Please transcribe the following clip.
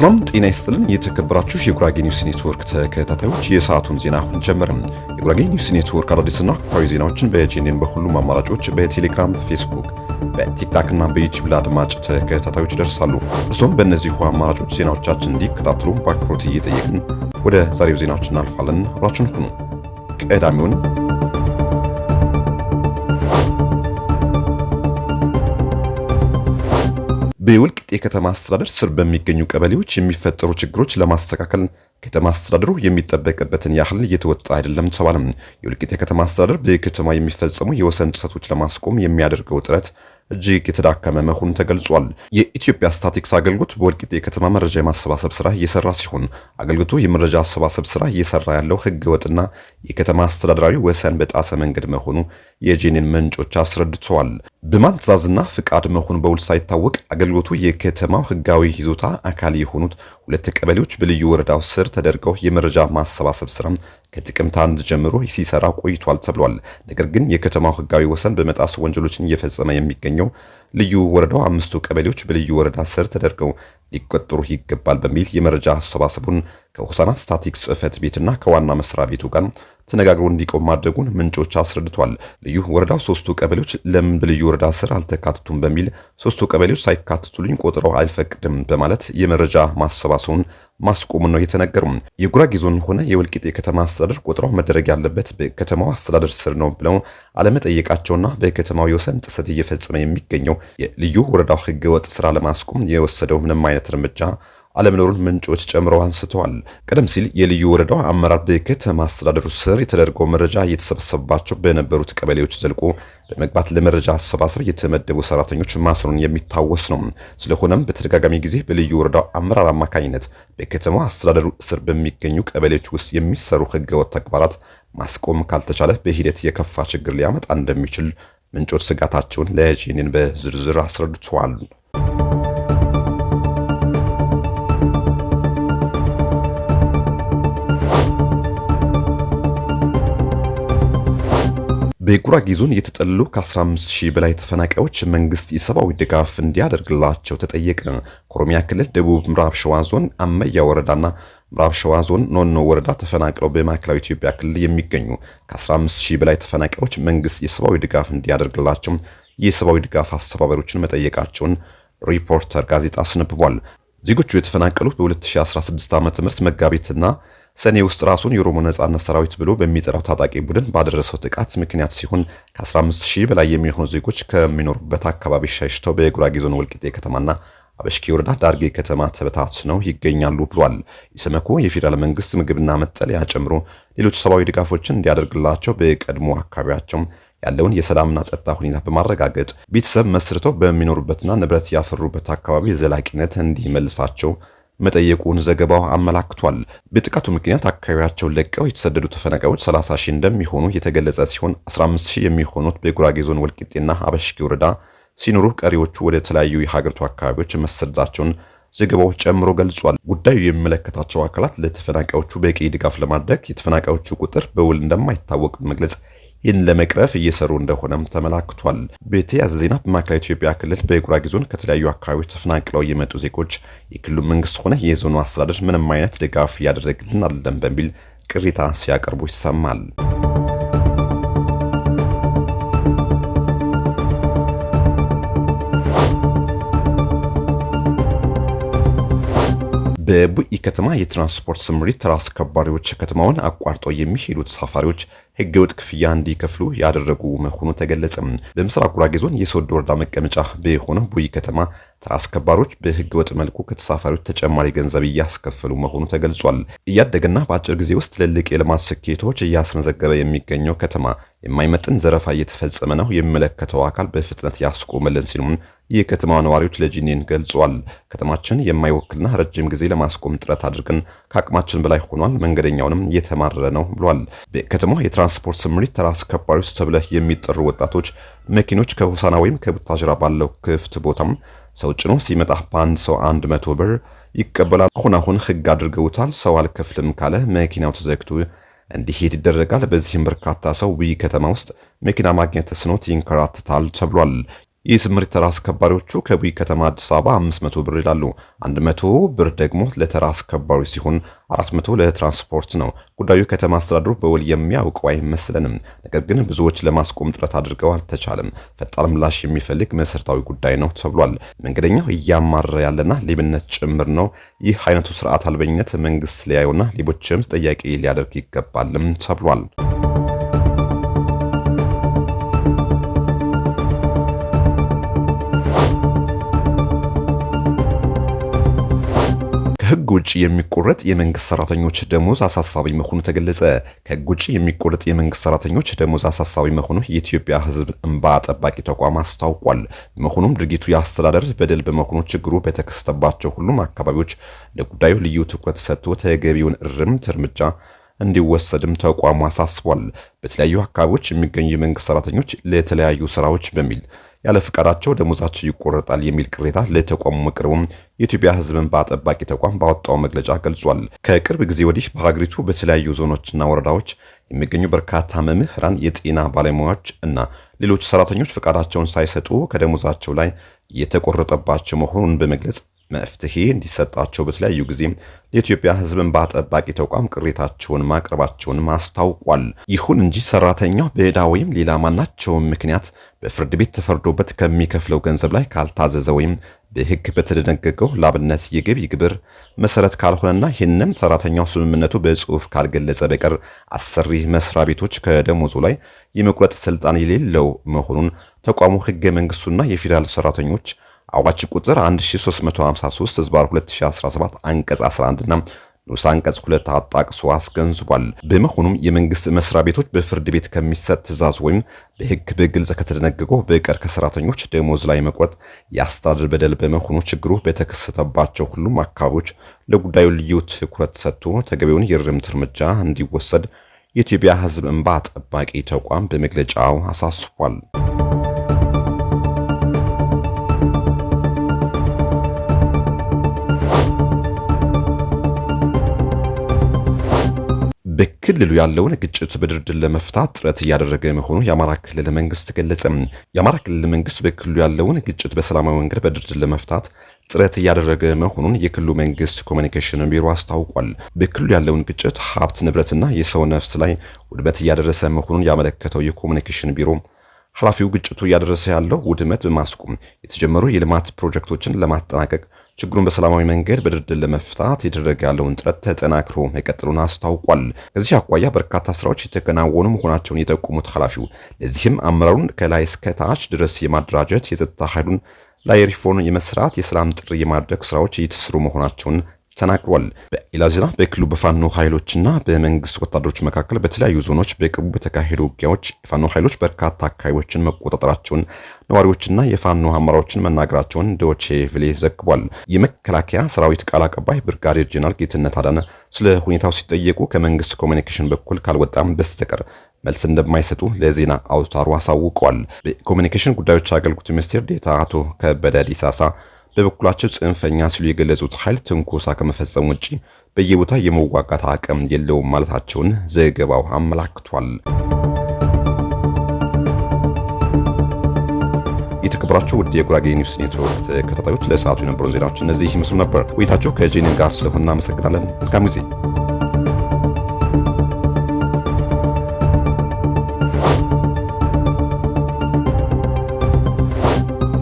ሰላም ጤና ይስጥልን። የተከበራችሁ የጉራጌ ኒውስ ኔትወርክ ተከታታዮች የሰዓቱን ዜና አሁን ጀመርም። የጉራጌ ኒውስ ኔትወርክ አዳዲስና ወቅታዊ ዜናዎችን በጄኔን በሁሉም አማራጮች በቴሌግራም፣ በፌስቡክ፣ በቲክታክ እና በዩቲዩብ ለአድማጭ ተከታታዮች ይደርሳሉ። እርሶም በእነዚሁ አማራጮች ዜናዎቻችን እንዲከታተሉ በአክብሮት እየጠየቅን ወደ ዛሬው ዜናዎች እናልፋለን። አብራችሁን ሁኑ። ቀዳሚውን በወልቂጤ የከተማ አስተዳደር ስር በሚገኙ ቀበሌዎች የሚፈጠሩ ችግሮች ለማስተካከል ከተማ አስተዳደሩ የሚጠበቅበትን ያህል እየተወጣ አይደለም ተባለም። የወልቂጤ ከተማ አስተዳደር በከተማ የሚፈጸሙ የወሰን ጥሰቶች ለማስቆም የሚያደርገው ጥረት እጅግ የተዳከመ መሆኑን ተገልጿል። የኢትዮጵያ ስታቲክስ አገልግሎት በወልቂጤ ከተማ መረጃ የማሰባሰብ ስራ እየሰራ ሲሆን አገልግሎቱ የመረጃ አሰባሰብ ስራ እየሰራ ያለው ህገ ወጥና የከተማ አስተዳደራዊ ወሰን በጣሰ መንገድ መሆኑ የጄኔን ምንጮች አስረድተዋል። በማን ትዕዛዝና ፍቃድ መሆኑ በውል ሳይታወቅ አገልግሎቱ የከተማው ህጋዊ ይዞታ አካል የሆኑት ሁለት ቀበሌዎች በልዩ ወረዳው ስር ተደርገው የመረጃ ማሰባሰብ ስራ ከጥቅምት አንድ ጀምሮ ሲሰራ ቆይቷል ተብሏል። ነገር ግን የከተማው ህጋዊ ወሰን በመጣስ ወንጀሎችን እየፈጸመ የሚገኘው ልዩ ወረዳው አምስቱ ቀበሌዎች በልዩ ወረዳ ስር ተደርገው ሊቆጠሩ ይገባል በሚል የመረጃ አሰባሰቡን ከሆሳና ስታቲክስ ጽሕፈት ቤትና ከዋና መስሪያ ቤቱ ጋር ተነጋግሮ እንዲቆም ማድረጉን ምንጮች አስረድቷል። ልዩ ወረዳው ሶስቱ ቀበሌዎች ለምን በልዩ ወረዳ ስር አልተካተቱም በሚል ሶስቱ ቀበሌዎች ሳይካተቱልኝ ቆጥረው አይፈቅድም በማለት የመረጃ ማሰባሰቡን ማስቆሙ ነው የተነገሩ የጉራጌ ዞን ሆነ የወልቂጤ ከተማ አስተዳደር ቆጠራው መደረግ ያለበት በከተማው አስተዳደር ስር ነው ብለው አለመጠየቃቸውና በከተማው የወሰን ጥሰት እየፈጸመ የሚገኘው የልዩ ወረዳው ህገወጥ ስራ ለማስቆም የወሰደው ምንም አይነት እርምጃ አለመኖሩን ምንጮች ጨምረው አንስተዋል። ቀደም ሲል የልዩ ወረዳው አመራር በከተማ አስተዳደሩ ስር የተደረገው መረጃ እየተሰበሰበባቸው በነበሩት ቀበሌዎች ዘልቆ በመግባት ለመረጃ አሰባሰብ የተመደቡ ሰራተኞች ማስሩን የሚታወስ ነው። ስለሆነም በተደጋጋሚ ጊዜ በልዩ ወረዳው አመራር አማካኝነት በከተማ አስተዳደሩ ስር በሚገኙ ቀበሌዎች ውስጥ የሚሰሩ ህገወጥ ተግባራት ማስቆም ካልተቻለ በሂደት የከፋ ችግር ሊያመጣ እንደሚችል ምንጮች ስጋታቸውን ለጄኔን በዝርዝር አስረድተዋል። በጉራጌ ዞን የተጠለሉ ከ15 ሺህ በላይ ተፈናቃዮች መንግስት የሰብአዊ ድጋፍ እንዲያደርግላቸው ተጠየቀ። ከኦሮሚያ ክልል ደቡብ ምዕራብ ሸዋ ዞን አመያ ወረዳና ምዕራብ ሸዋ ዞን ኖኖ ወረዳ ተፈናቅለው በማዕከላዊ ኢትዮጵያ ክልል የሚገኙ ከ15 ሺህ በላይ ተፈናቃዮች መንግስት የሰብአዊ ድጋፍ እንዲያደርግላቸው የሰብአዊ ድጋፍ አስተባባሪዎችን መጠየቃቸውን ሪፖርተር ጋዜጣ አስነብቧል። ዜጎቹ የተፈናቀሉት በ2016 ዓ.ም መጋቢትና ሰኔ ውስጥ ራሱን የኦሮሞ ነጻነት ሰራዊት ብሎ በሚጠራው ታጣቂ ቡድን ባደረሰው ጥቃት ምክንያት ሲሆን ከ15000 በላይ የሚሆኑ ዜጎች ከሚኖሩበት አካባቢ ሸሽተው በጉራጌ ዞን ወልቂጤ ከተማና አበሽኪ ወረዳ ዳርጌ ከተማ ተበታትነው ይገኛሉ ብሏል። ኢሰመኮ የፌዴራል መንግስት ምግብና መጠለያ ጨምሮ ሌሎች ሰብአዊ ድጋፎችን እንዲያደርግላቸው በቀድሞ አካባቢያቸው ያለውን የሰላምና ጸጥታ ሁኔታ በማረጋገጥ ቤተሰብ መስርተው በሚኖሩበትና ንብረት ያፈሩበት አካባቢ ዘላቂነት እንዲመልሳቸው መጠየቁን ዘገባው አመላክቷል። በጥቃቱ ምክንያት አካባቢያቸውን ለቀው የተሰደዱ ተፈናቃዮች 30 ሺህ እንደሚሆኑ የተገለጸ ሲሆን 15 ሺህ የሚሆኑት በጉራጌ ዞን ወልቂጤና አበሽጌ ወረዳ ሲኖሩ ቀሪዎቹ ወደ ተለያዩ የሀገሪቱ አካባቢዎች መሰደዳቸውን ዘገባው ጨምሮ ገልጿል። ጉዳዩ የሚመለከታቸው አካላት ለተፈናቃዮቹ በቂ ድጋፍ ለማድረግ የተፈናቃዮቹ ቁጥር በውል እንደማይታወቅ በመግለጽ ይህን ለመቅረፍ እየሰሩ እንደሆነም ተመላክቷል። በተያያዘ ዜና በማዕከላዊ ኢትዮጵያ ክልል በጉራጌ ዞን ከተለያዩ አካባቢዎች ተፈናቅለው የመጡ ዜጎች የክልሉ መንግስት ሆነ የዞኑ አስተዳደር ምንም አይነት ድጋፍ እያደረግልን አይደለም በሚል ቅሬታ ሲያቀርቡ ይሰማል። በቡኢ ከተማ የትራንስፖርት ስምሪት ተራ አስከባሪዎች ከተማውን አቋርጠው የሚሄዱ ተሳፋሪዎች ህገወጥ ክፍያ እንዲከፍሉ ያደረጉ መሆኑ ተገለጸ። በምስራቅ ጉራጌ ዞን የሶዶ ወረዳ መቀመጫ በሆነው ቡኢ ከተማ ተራ አስከባሪዎች በህገወጥ መልኩ ከተሳፋሪዎች ተጨማሪ ገንዘብ እያስከፈሉ መሆኑ ተገልጿል። እያደገና በአጭር ጊዜ ውስጥ ትልልቅ የልማት ስኬቶች እያስመዘገበ የሚገኘው ከተማ የማይመጥን ዘረፋ እየተፈጸመ ነው፣ የሚመለከተው አካል በፍጥነት ያስቆመልን ሲሉም የከተማ ነዋሪዎች ለጂኒን ገልጿል። ከተማችን የማይወክልና ረጅም ጊዜ ለማስቆም ጥረት አድርገን ከአቅማችን በላይ ሆኗል። መንገደኛውንም እየተማረረ ነው ብሏል። በከተማዋ የትራንስፖርት ስምሪት ተራ አስከባሪ ውስጥ ተብለህ የሚጠሩ ወጣቶች መኪኖች ከሆሳና ወይም ከቡታጅራ ባለው ክፍት ቦታም ሰው ጭኖ ሲመጣ በአንድ ሰው አንድ መቶ ብር ይቀበላል። አሁን አሁን ህግ አድርገውታል። ሰው አልከፍልም ካለ መኪናው ተዘግቶ እንዲሄድ ይደረጋል። በዚህም በርካታ ሰው ውይ ከተማ ውስጥ መኪና ማግኘት ተስኖት ይንከራትታል ተብሏል። የስምሪት ተራ አስከባሪዎቹ ከቡኢ ከተማ አዲስ አበባ 500 ብር ይላሉ። 100 ብር ደግሞ ለተራ አስከባሪ ሲሆን 400 ለትራንስፖርት ነው። ጉዳዩ ከተማ አስተዳደሩ በውል የሚያውቀው አይመስለንም። ነገር ግን ብዙዎች ለማስቆም ጥረት አድርገው አልተቻለም። ፈጣን ምላሽ የሚፈልግ መሰረታዊ ጉዳይ ነው ተብሏል። መንገደኛው እያማረረ ያለና ሌብነት ጭምር ነው። ይህ አይነቱ ስርዓት አልበኝነት መንግስት ሊያዩና ሌቦችም ተጠያቂ ሊያደርግ ይገባልም ተብሏል። ከህግ ውጭ የሚቆረጥ የመንግስት ሰራተኞች ደሞዝ አሳሳቢ መሆኑ ተገለጸ። ከህግ ውጭ የሚቆረጥ የመንግስት ሰራተኞች ደሞዝ አሳሳቢ መሆኑ የኢትዮጵያ ህዝብ እንባ ጠባቂ ተቋም አስታውቋል። መሆኑም ድርጊቱ የአስተዳደር በደል በመሆኑ ችግሩ በተከሰተባቸው ሁሉም አካባቢዎች ለጉዳዩ ልዩ ትኩረት ሰጥቶ ተገቢውን እርምት እርምጃ እንዲወሰድም ተቋሙ አሳስቧል። በተለያዩ አካባቢዎች የሚገኙ የመንግስት ሰራተኞች ለተለያዩ ስራዎች በሚል ያለ ፍቃዳቸው ደሞዛቸው ይቆረጣል የሚል ቅሬታ ለተቋሙ መቅረቡም የኢትዮጵያ ህዝብን በአጠባቂ ተቋም ባወጣው መግለጫ ገልጿል። ከቅርብ ጊዜ ወዲህ በሀገሪቱ በተለያዩ ዞኖችና ወረዳዎች የሚገኙ በርካታ መምህራን፣ የጤና ባለሙያዎች እና ሌሎች ሰራተኞች ፈቃዳቸውን ሳይሰጡ ከደሞዛቸው ላይ የተቆረጠባቸው መሆኑን በመግለጽ መፍትሄ እንዲሰጣቸው በተለያዩ ጊዜ የኢትዮጵያ ህዝብን በአጠባቂ ተቋም ቅሬታቸውን ማቅረባቸውንም አስታውቋል። ይሁን እንጂ ሰራተኛው በዕዳ ወይም ሌላ ማናቸውም ምክንያት በፍርድ ቤት ተፈርዶበት ከሚከፍለው ገንዘብ ላይ ካልታዘዘ ወይም በሕግ በተደነገገው ላብነት የገቢ ግብር መሰረት ካልሆነና ይህንም ሰራተኛው ስምምነቱ በጽሁፍ ካልገለጸ በቀር አሰሪ መስሪያ ቤቶች ከደሞዙ ላይ የመቁረጥ ስልጣን የሌለው መሆኑን ተቋሙ ሕገ መንግስቱና የፌዴራል ሰራተኞች አዋጅ ቁጥር 1353 ህዝባር 2017 አንቀጽ 11 እና ንዑስ አንቀጽ 2 አጣቅሶ አስገንዝቧል። በመሆኑም የመንግስት መስሪያ ቤቶች በፍርድ ቤት ከሚሰጥ ትዕዛዝ ወይም በህግ በግልጽ ከተደነገገው በቀር ከሰራተኞች ደሞዝ ላይ መቁረጥ የአስተዳደር በደል በመሆኑ ችግሩ በተከሰተባቸው ሁሉም አካባቢዎች ለጉዳዩ ልዩ ትኩረት ሰጥቶ ተገቢውን የርምት እርምጃ እንዲወሰድ የኢትዮጵያ ህዝብ እንባ ጠባቂ ተቋም በመግለጫው አሳስቧል። በክልሉ ያለውን ግጭት በድርድር ለመፍታት ጥረት እያደረገ መሆኑ የአማራ ክልል መንግስት ገለጸ። የአማራ ክልል መንግስት በክልሉ ያለውን ግጭት በሰላማዊ መንገድ በድርድር ለመፍታት ጥረት እያደረገ መሆኑን የክልሉ መንግስት ኮሚኒኬሽን ቢሮ አስታውቋል። በክልሉ ያለውን ግጭት ሀብት ንብረትና የሰው ነፍስ ላይ ውድመት እያደረሰ መሆኑን ያመለከተው የኮሚኒኬሽን ቢሮ ኃላፊው ግጭቱ እያደረሰ ያለው ውድመት በማስቆም የተጀመሩ የልማት ፕሮጀክቶችን ለማጠናቀቅ ችግሩን በሰላማዊ መንገድ በድርድር ለመፍታት የተደረገ ያለውን ጥረት ተጠናክሮ መቀጠሉን አስታውቋል። ከዚህ አኳያ በርካታ ስራዎች የተከናወኑ መሆናቸውን የጠቆሙት ኃላፊው ለዚህም አመራሩን ከላይ እስከ ታች ድረስ የማደራጀት የጸጥታ ኃይሉን ላይ ሪፎርም የመስራት የሰላም ጥሪ የማድረግ ስራዎች እየተሰሩ መሆናቸውን ተናግሯል። በሌላ ዜና በክልሉ በፋኖ ኃይሎችና በመንግስት ወታደሮች መካከል በተለያዩ ዞኖች በቅርቡ በተካሄዱ ውጊያዎች የፋኖ ኃይሎች በርካታ አካባቢዎችን መቆጣጠራቸውን ነዋሪዎችና የፋኖ አመራሮችን መናገራቸውን ዶቼ ቬለ ዘግቧል። የመከላከያ ሰራዊት ቃል አቀባይ ብርጋዴር ጄኔራል ጌትነት አዳነ ስለ ሁኔታው ሲጠየቁ ከመንግስት ኮሚኒኬሽን በኩል ካልወጣም በስተቀር መልስ እንደማይሰጡ ለዜና አውታሩ አሳውቀዋል። በኮሚኒኬሽን ጉዳዮች አገልግሎት ሚኒስቴር ዴታ አቶ ከበደ ዲሳሳ በበኩላቸው ጽንፈኛ ሲሉ የገለጹት ኃይል ትንኮሳ ከመፈጸም ውጪ በየቦታ የመዋጋት አቅም የለውም ማለታቸውን ዘገባው አመላክቷል። የተከበራችሁ ውድ የጉራጌ ኒውስ ኔትወርክ ተከታታዮች ለሰዓቱ የነበሩን ዜናዎች እነዚህ ይመስሉ ነበር። ቆይታችሁ ከጄኒን ጋር ስለሆነ እናመሰግናለን። መልካም ጊዜ